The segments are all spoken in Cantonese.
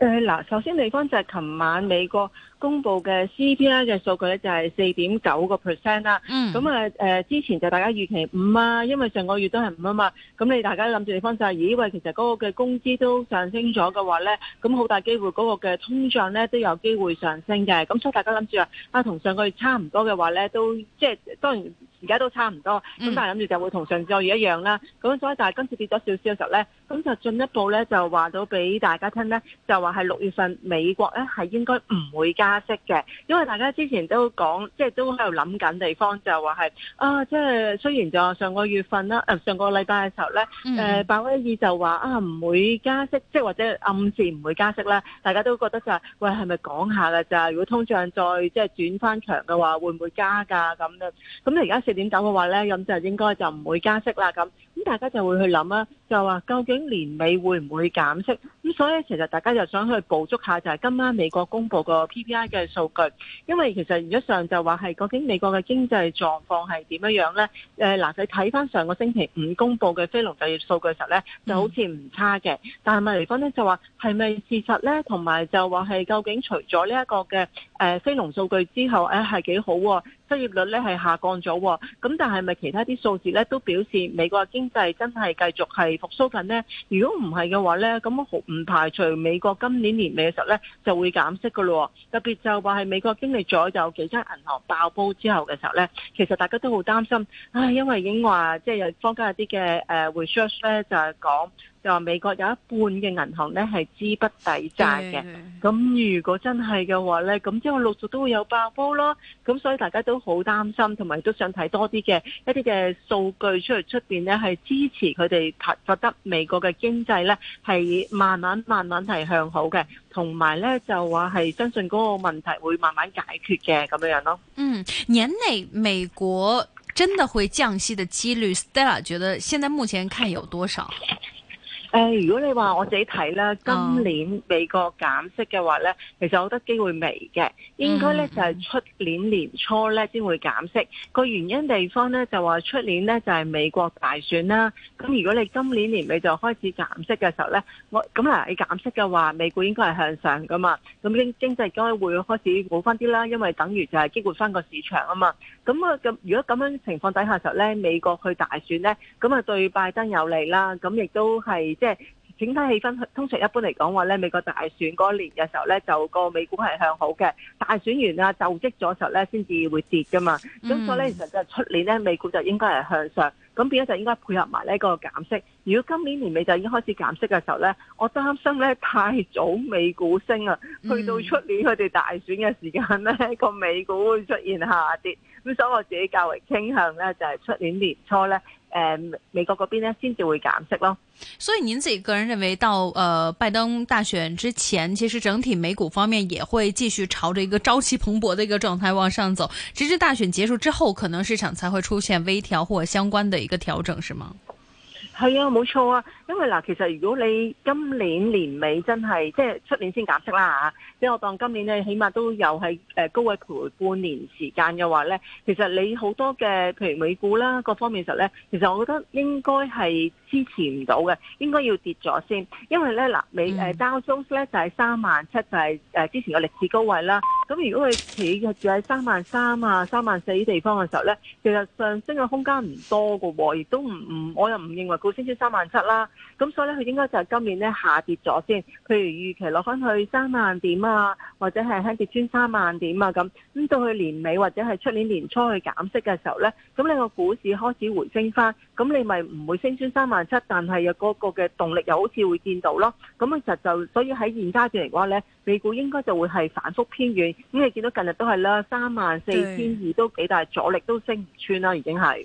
嗱、呃，首先嚟講就係琴晚美國公布嘅 CPI 嘅數據咧，就係四點九個 percent 啦。嗯，咁啊、呃、之前就大家預期五啊，因為上個月都係五啊嘛。咁你大家諗住嚟講就係、是，咦？喂，其實嗰個嘅工資都上升咗嘅話咧，咁好大機會嗰個嘅通脹咧都有機會上升嘅。咁所以大家諗住話啊，同上個月差唔多嘅話咧，都即係當然。而家都差唔多，咁、嗯、但係諗住就會同上個月一樣啦。咁所以但係今次跌咗少少嘅時候咧，咁就進一步咧就話到俾大家聽咧，就話係六月份美國咧係應該唔會加息嘅，因為大家之前都講，即係都喺度諗緊地方就話係啊，即係雖然就上個月份啦，上個禮拜嘅時候咧，誒、嗯呃、鮑威爾就話啊唔會加息，即係或者暗示唔會加息啦。大家都覺得就係喂係咪講下㗎？就係如果通脹再即係轉翻強嘅話，會唔會加㗎咁啊？咁你而家點搞嘅話咧，咁就應該就唔會加息啦。咁，咁大家就會去諗啦、啊，就話究竟年尾會唔會減息？咁所以其實大家就想去捕捉一下，就係今晚美國公布個 PPI 嘅數據，因為其實原則上就話係究竟美國嘅經濟狀況係點樣樣咧？誒，嗱，你睇翻上個星期五公布嘅非農就業數據時候咧，就好似唔差嘅，嗯。但係麥梨芬咧就話係咪事實咧？同埋就話係究竟除咗呢一個嘅誒非農數據之後，誒係幾好、啊？失業率咧係下降咗，咁但係咪其他啲數字咧都表示美國嘅經濟真係繼續係復蘇緊呢？如果唔係嘅話咧，咁好唔排除美國今年年尾嘅時候咧就會減息噶咯。特別就話係美國經歷咗有幾間銀行爆煲之後嘅時候咧，其實大家都好擔心，唉，因為已經話即係有坊間有啲嘅誒 research 咧就係講。就話美國有一半嘅銀行咧係資不抵債嘅，咁、嗯、如果真係嘅話咧，咁之後陸續都會有爆煲咯。咁所以大家都好擔心，同埋都想睇多啲嘅一啲嘅數據出嚟出面咧，係支持佢哋覺得美國嘅經濟咧係慢慢慢慢係向好嘅，同埋咧就話係相信嗰個問題會慢慢解決嘅咁樣樣咯。嗯，年內美國真的會降息嘅幾率，Stella 覺得現在目前看有多少？誒，如果你話我自己睇啦，今年美國減息嘅話呢，oh. 其實我覺得機會微嘅，應該呢，就係出年年初呢先會減息。個、mm. 原因地方呢，就話出年呢就係美國大選啦。咁如果你今年年尾就開始減息嘅時候呢，我咁啊，你減息嘅話，美股應該係向上噶嘛？咁經經濟應該會開始好翻啲啦，因為等於就係激活翻個市場啊嘛。咁啊，咁如果咁樣的情況底下時候咧，美國去大選咧，咁啊對拜登有利啦。咁亦都係即係整體氣氛。通常一般嚟講話咧，美國大選嗰年嘅時候咧，就個美股係向好嘅。大選完啊就職咗時候咧，先至會跌噶嘛。咁、嗯、所以咧，其實就出年咧，美股就應該係向上。咁變咗就應該配合埋呢個減息。如果今年年尾就已經開始減息嘅時候咧，我擔心咧太早美股升啊，去到出年佢哋大選嘅時間咧，個美股會出現下跌。咁所以我自己較為傾向咧，就係、是、出年年初咧，誒、呃、美國嗰邊咧先至會減息咯。所以您自己個人認為到，到、呃、誒拜登大選之前，其實整體美股方面也會繼續朝着一個朝氣蓬勃的一個狀態往上走，直至大選結束之後，可能市場才會出現微調或者相關的一個調整，是嗎？係啊，冇錯啊。因為嗱，其實如果你今年年尾真係即係出年先減息啦嚇，即係我當今年咧，起碼都又係誒高位徘徊半年時間嘅話咧，其實你好多嘅譬如美股啦各方面時候咧，其實我覺得應該係支持唔到嘅，應該要跌咗先。因為咧嗱，美誒、嗯、Dow Jones 咧就係三萬七，就係之前嘅歷史高位啦。咁如果佢企住喺三萬三啊、三萬四地方嘅時候咧，其實上升嘅空間唔多嘅喎，亦都唔唔，我又唔認為佢升穿三萬七啦。咁所以咧，佢應該就係今年咧下跌咗先。譬如預期落翻去三萬點啊，或者係輕跌穿三萬點啊咁。咁到去年尾或者係出年年初去減息嘅時候咧，咁你個股市開始回升翻，咁你咪唔會升穿三萬七，但係有嗰個嘅動力又好似會見到咯。咁其實就，所以喺現階段嚟講咧，美股應該就會係反覆偏軟。咁你見到近日都係啦，三萬四千二都幾大阻力都升唔穿啦，已經係。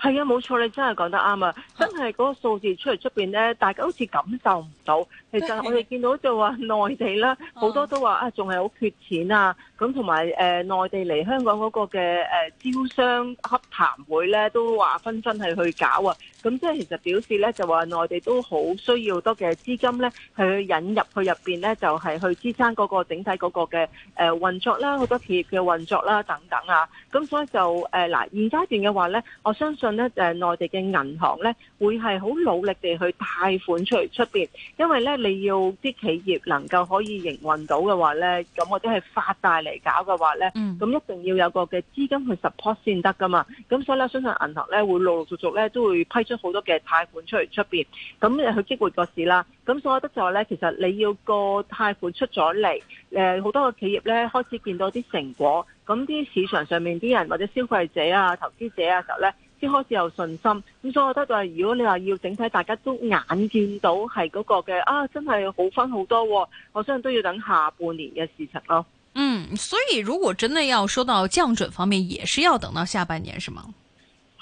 係啊，冇錯，你真係講得啱啊！真係嗰、那個數字出嚟出邊咧，大家好似感受唔到。其實我哋見到就話內地啦好多都話、嗯、啊，仲係好缺錢啊。咁同埋誒，內、呃、地嚟香港嗰個嘅誒、呃、招商洽談會咧，都話紛紛係去搞啊。咁即係其實表示咧，就話內地都好需要多嘅資金咧，去引入去入邊咧，就係、是、去支撐嗰個整體嗰個嘅誒運作啦，好多企業嘅運作啦等等啊。咁所以就誒嗱、呃，現階段嘅話咧，我相信。信誒，內地嘅銀行咧，會係好努力地去貸款出嚟出邊，因為咧，你要啲企業能夠可以營運到嘅話咧，咁或者係發債嚟搞嘅話咧，咁一定要有個嘅資金去 support 先得噶嘛。咁所以咧，相信銀行咧會陸陸續續咧都會批出好多嘅貸款出嚟出邊，咁去激活個市啦。咁所以得就話咧，其實你要個貸款出咗嚟，誒，好多嘅企業咧開始見到啲成果，咁啲市場上面啲人或者消費者啊、投資者啊嘅時候咧。先開始有信心，咁所以我覺得就係如果你話要整體大家都眼見到係嗰個嘅啊，真係好翻好多，哦，我相信都要等下半年嘅事情咯。嗯，所以如果真的要說到降準方面，也是要等到下半年，是嗎？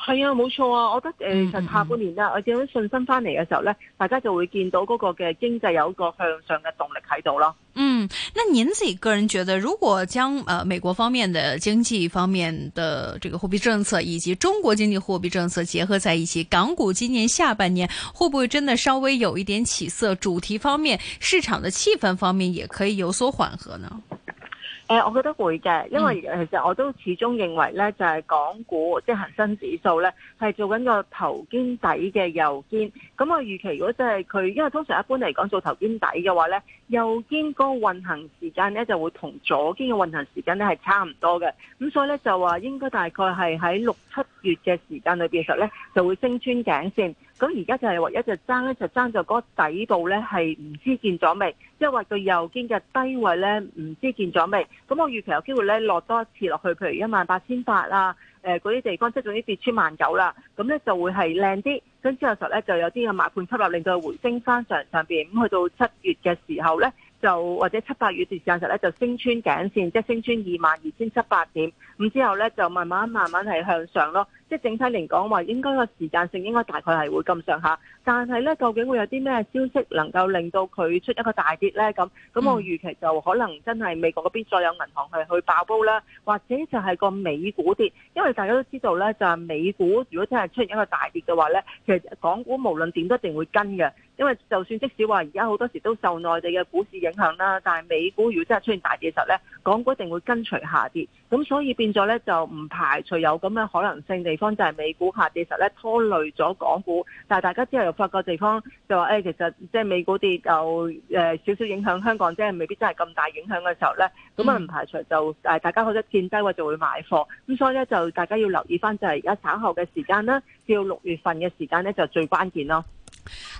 係啊，冇錯啊，我覺得誒、其、呃、下半年啦，嗯，我見到信心翻嚟嘅時候呢，大家就會見到嗰個嘅經濟有個向上嘅動力喺度咯。嗯，那您自己個人覺得，如果將呃美國方面的經濟方面的這個貨幣政策，以及中國經濟貨幣政策結合在一起，港股今年下半年會不會真的稍微有一點起色？主題方面，市場的氣氛方面也可以有所緩和呢？誒、欸，我覺得會嘅，因為其實我都始終認為咧，就係港股即恒生指數咧係做緊個頭肩底嘅右肩。咁我預期如果即係佢，因為通常一般嚟講做頭肩底嘅話咧，右肩個運行時間咧就會同左肩嘅運行時間咧係差唔多嘅。咁所以咧就話應該大概係喺六七月嘅時間裏邊，實咧就會升穿頸綫。咁而家就係唯一就爭咧，就爭在嗰個底部咧，係唔知見咗未？即係話佢右肩嘅低位咧，唔知見咗未？咁我預期有機會咧落多一次落去，譬如一萬八千八啦，誒嗰啲地方，即係總之跌穿萬九啦。咁咧就會係靚啲，跟之後時候咧就有啲嘅買盤吸落令到回升翻上上面。咁去到七月嘅時候咧，就或者七八月段時間時候咧就升穿頸線，即係升穿二萬二千七百點。咁之後咧就慢慢慢慢係向上咯。即整體嚟講話，應該個時間性應該大概係會咁上下，但係呢，究竟會有啲咩消息能夠令到佢出一個大跌呢？咁咁我預期就可能真係美國嗰邊再有銀行係去爆煲啦，或者就係個美股跌，因為大家都知道呢，就係美股如果真係出現一個大跌嘅話呢，其實港股無論點都一定會跟嘅。因為就算即使話而家好多時都受內地嘅股市影響啦，但係美股如果真係出現大跌嘅時候咧，港股一定會跟隨下跌。咁所以變咗咧就唔排除有咁嘅可能性地方，就係、是、美股下跌時候咧拖累咗港股。但係大家之後又發覺地方就話誒、哎，其實即係美股跌有誒少少影響香港，即係未必真係咁大影響嘅時候咧，咁啊唔排除就誒大家可能見低位就會買貨。咁所以咧就大家要留意翻就係而家稍後嘅時間啦，到六月份嘅時間咧就最關鍵咯。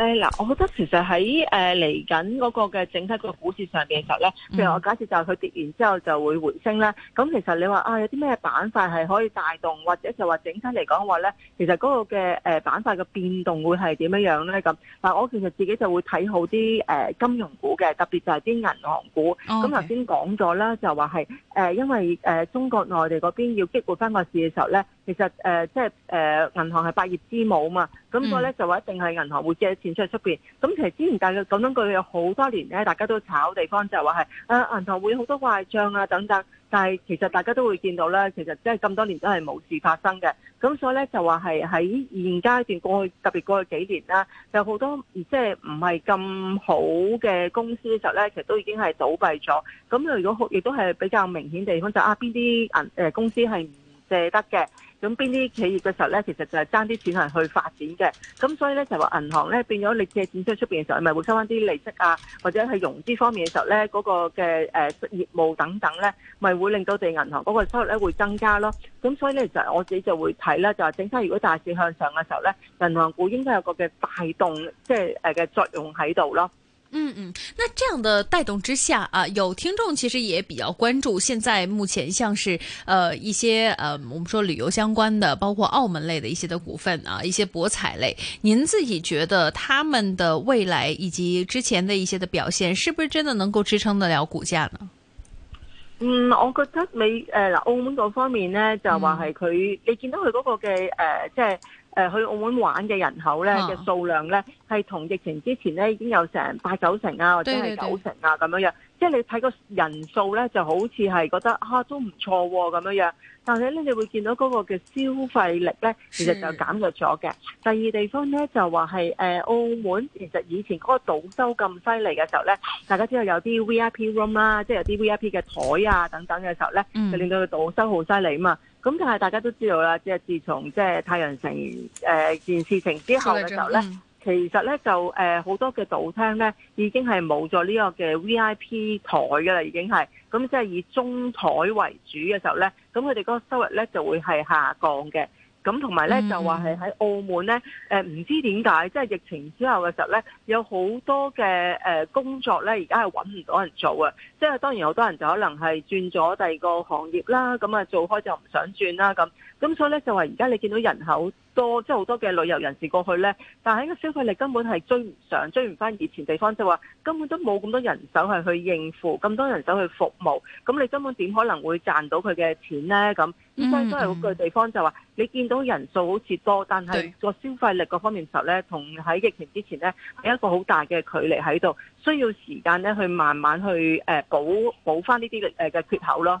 誒、嗯、嗱，我覺得其實喺誒嚟緊嗰個嘅整體個股市上面嘅時候咧，譬如我假設就係佢跌完之後就會回升啦。咁其實你話啊有啲咩板塊係可以帶動，或者就話整體嚟講話咧，其實嗰個嘅誒、呃、板塊嘅變動會係點樣樣咧咁？但我其實自己就會睇好啲誒、呃、金融股嘅，特別就係啲銀行股。哦。咁頭先講咗啦，就話係誒，因為誒、呃、中國內地嗰邊要激活翻個市嘅時候咧。其實誒、呃，即係誒，銀、呃、行係百業之母嘛，咁所以咧就話一定係銀行會借錢出去出邊。咁其實之前大家佢咁樣句有好多年咧，大家都炒地方就話係誒，銀、啊、行會好多壞賬啊等等。但係其實大家都會見到咧，其實真係咁多年都係冇事發生嘅。咁所以咧就話係喺現階段過去，特別過去幾年啦，有好多即係唔係咁好嘅公司嘅時候咧，其實都已經係倒閉咗。咁如果亦都係比較明顯地方就是、啊，邊啲銀誒公司係唔借得嘅？咁邊啲企業嘅時候咧，其實就係爭啲錢嚟去發展嘅，咁所以咧就話銀行咧變咗你借錢出出邊嘅時候，咪會收翻啲利息啊，或者喺融資方面嘅時候咧，嗰個嘅誒業務等等咧，咪會令到地銀行嗰個收入咧會增加咯。咁所以咧就我自己就會睇啦，就係整體如果大市向上嘅時候咧，銀行股應該有個嘅帶動即係誒嘅作用喺度咯。嗯嗯，那這樣的帶動之下啊，有聽眾其實也比較關注，現在目前像是呃一些呃我們說旅遊相關的，包括澳門類的一些的股份啊，一些博彩類，您自己覺得他們的未來以及之前的一些的表現，是不是真的能夠支撐得了股價呢？嗯，我覺得你誒、呃，澳門嗰方面呢，就話係佢，你見到佢嗰個嘅誒、呃，即係。誒、呃、去澳門玩嘅人口咧嘅、uh -huh. 數量咧，係同疫情之前咧已經有成八九成啊，或者係九成啊咁樣樣。即係你睇個人數咧，就好似係覺得啊都唔錯咁樣樣。但係咧，你會見到嗰個嘅消費力咧，其實就減弱咗嘅。第二地方咧就話係誒澳門，其實以前嗰個賭收咁犀利嘅時候咧，大家知道有啲 V I P room 啊，即係有啲 V I P 嘅台啊等等嘅時候咧，mm. 就令到佢賭收好犀利啊嘛。咁但係大家都知道啦，即係自從即係太陽城誒件、呃、事情之後嘅時候咧，其實咧就誒好、呃、多嘅賭廳咧已經係冇咗呢個嘅 V I P 台㗎啦，已經係咁即係以中台為主嘅時候咧，咁佢哋嗰個收入咧就會係下降嘅。咁同埋咧就話係喺澳門咧，誒唔知點解，即係疫情之後嘅時候咧，有好多嘅誒工作咧，而家係揾唔到人做啊！即係當然有好多人就可能係轉咗第二個行業啦，咁啊做開就唔想轉啦，咁咁所以咧就話而家你見到人口多即係好多嘅旅遊人士過去呢，但係個消費力根本係追唔上，追唔翻以前，地方就話，就係話根本都冇咁多人手去應付，咁多人手去服務，咁你根本點可能會賺到佢嘅錢呢？咁依家都係嗰個地方就話，你見到人數好似多，但係個消費力嗰方面時候呢，同喺疫情之前呢，有一個好大嘅距離喺度，需要時間呢去慢慢去誒、呃、補補翻呢啲嘅缺口咯。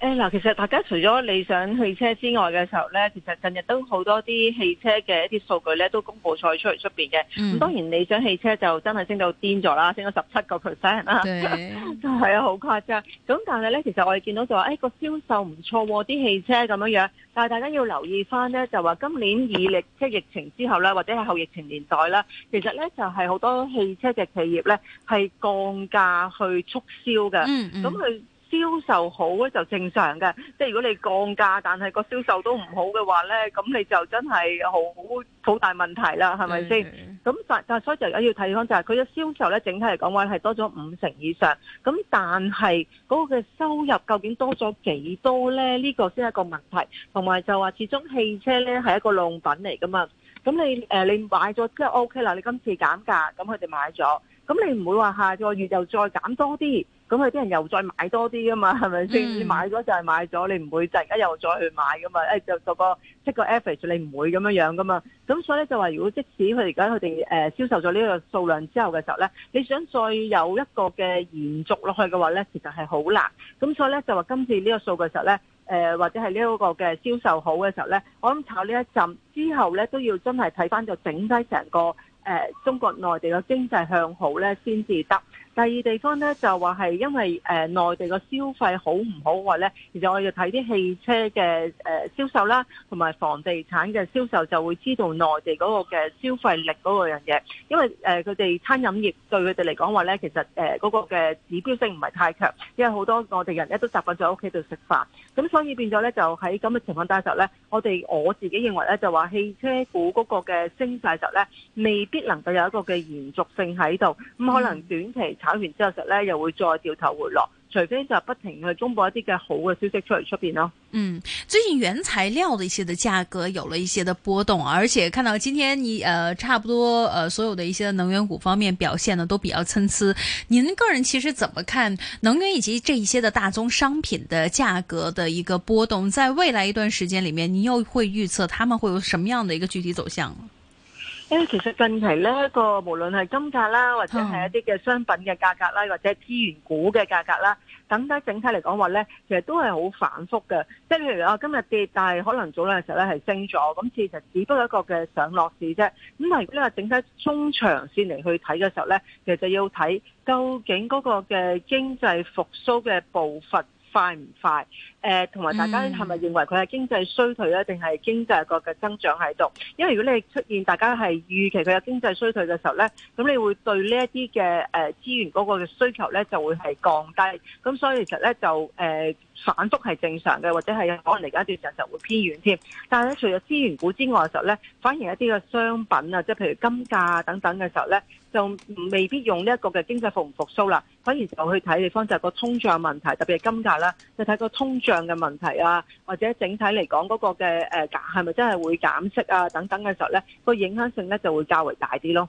誒、哎、嗱，其實大家除咗理想汽車之外嘅時候咧，其實近日都好多啲汽車嘅一啲數據咧都公布晒出嚟出面嘅。咁、嗯、當然理想汽車就真係升到癲咗啦，升咗十七個 percent 啦。係啊，好、 就是、誇張。咁但係咧，其實我哋見到就話，誒、哎嗰個銷售唔錯喎，啲汽車咁樣樣。但係大家要留意翻咧，就話今年以嚟即疫情之後咧，或者係後疫情年代啦，其實咧就係好多汽車嘅企業咧係降價去促銷嘅。咁佢。銷售好咧就正常嘅，即係如果你降價，但係個銷售都唔好嘅話咧，咁你就真係好好大問題啦，係咪先？咁但但所以就要睇翻就係佢嘅銷售咧，整體嚟講話係多咗五成以上，咁但係嗰個嘅收入究竟多咗幾多咧？呢個先係一個問題，同埋就話始終汽車咧係一個浪品嚟噶嘛，咁你誒你買咗即係 O K 啦，你今次減價，咁佢哋買咗，咁你唔會話下個月又再減多啲？咁佢啲人又再買多啲㗎嘛，係咪先？至、嗯、買咗就係買咗，你唔會突然間又再去買噶嘛、哎就？就個即個 effort，你唔會咁樣樣噶嘛？咁所以咧就話，如果即使佢而家佢哋誒銷售咗呢個數量之後嘅時候咧，你想再有一個嘅延續落去嘅話咧，其實係好難。咁所以咧就話今次呢個數據時候咧、呃，或者係呢一個嘅銷售好嘅時候咧，我諗炒呢一陣之後咧都要真係睇翻就整低成個誒、呃、中國內地嘅經濟向好咧，先至得。第二地方咧就話係因為誒、呃、內地個消費好唔好嘅話咧，其實我哋就睇啲汽車嘅誒、呃、銷售啦，同埋房地產嘅銷售就會知道內地嗰個嘅消費力嗰個樣嘢。因為誒佢哋餐飲業對佢哋嚟講話咧，其實誒嗰、呃那個嘅指標性唔係太強，因為好多外地人咧都習慣咗喺屋企度食飯，咁所以變咗咧就喺咁嘅情況底下咧，我哋我自己認為咧就話汽車股嗰個嘅升勢就咧未必能夠有一個嘅延續性喺度，咁可能短期。考完之後實咧又會再掉頭回落，除非就不停去中報一啲嘅好嘅消息出嚟出邊咯。嗯，最近原材料的一些的價格有了一些的波動，而且看到今天你，呃，差不多，呃，所有的一些能源股方面表現呢都比較參差。您個人其實怎麼看能源以及這一些的大宗商品的價格的一個波動？在未來一段時間裏面，您又會預測他們會有什麼樣的一個具體走向？誒，其實近期咧，個無論係金價啦，或者係一啲嘅商品嘅價格啦，或者資源股嘅價格啦，等等整體嚟講話咧，其實都係好反復嘅，即係譬如話今日跌，但係可能早兩日時候咧係升咗，咁其實只不過一個嘅上落市啫。咁但係如果整體中長線嚟去睇嘅時候咧，其實就要睇究竟嗰個嘅經濟復蘇嘅步伐。快唔快？誒、呃，同埋大家係咪認為佢係經濟衰退咧，定係經濟個嘅增長喺度？因為如果你出現大家係預期佢有經濟衰退嘅時候咧，咁你會對呢一啲嘅誒資源嗰個嘅需求咧就會係降低。咁所以其實咧就誒。呃反覆係正常嘅，或者係可能嚟緊一段時間就會偏遠添。但係咧，除咗資源股之外嘅時候咧，反而一啲嘅商品啊，即係譬如金價啊等等嘅時候咧，就未必用呢一個嘅經濟復唔復甦啦，反而就去睇地方就係個通脹問題，特別係金價啦，就睇個通脹嘅問題啊，或者整體嚟講嗰個嘅誒減係咪真係會減息啊等等嘅時候咧，個影響性咧就會較為大啲咯。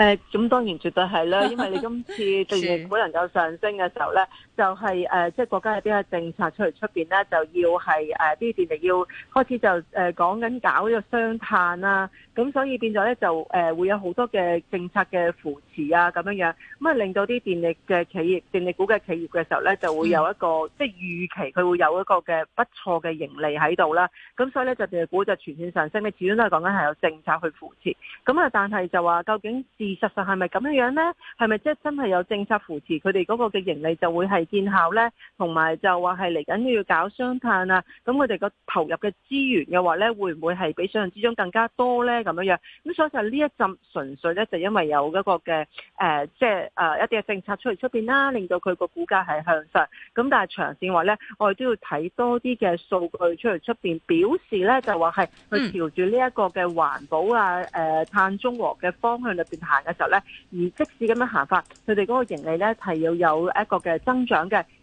誒、嗯，咁當然絕對係啦，因為你今次電力股能夠上升嘅時候咧，就係、是呃、即係國家係邊個政策出嚟出邊咧，就要係誒啲電力要開始就誒講緊搞呢個雙碳啦、啊，咁所以變咗咧就誒、呃、會有好多嘅政策嘅扶持啊，咁樣樣，咁啊令到啲電力嘅企業、電力股嘅企業嘅時候咧，就會有一個、嗯、即係預期佢會有一個嘅不錯嘅盈利喺度啦，咁所以咧就電力股就全線上升，你始終都係講緊係有政策去扶持，咁啊但係就話究竟事實上係咪咁樣樣咧？係咪即係真係有政策扶持佢哋嗰個嘅盈利就會係見效咧？同埋就話係嚟緊要搞雙碳啊！咁佢哋個投入嘅資源嘅話咧，會唔會係比想象之中更加多咧？咁樣樣，咁所以就呢一浸純粹咧，就是、因為有嗰個嘅誒，即係誒一啲嘅政策出嚟出邊啦，令到佢個股價係向上。咁但係長線話咧，我哋都要睇多啲嘅數據出嚟出邊，表示咧就話係去調住呢一個嘅環保啊，誒、呃、碳中和嘅方向入邊行。嘅時候咧，而即使咁樣行法，佢哋嗰個盈利咧係要有一個嘅增長嘅。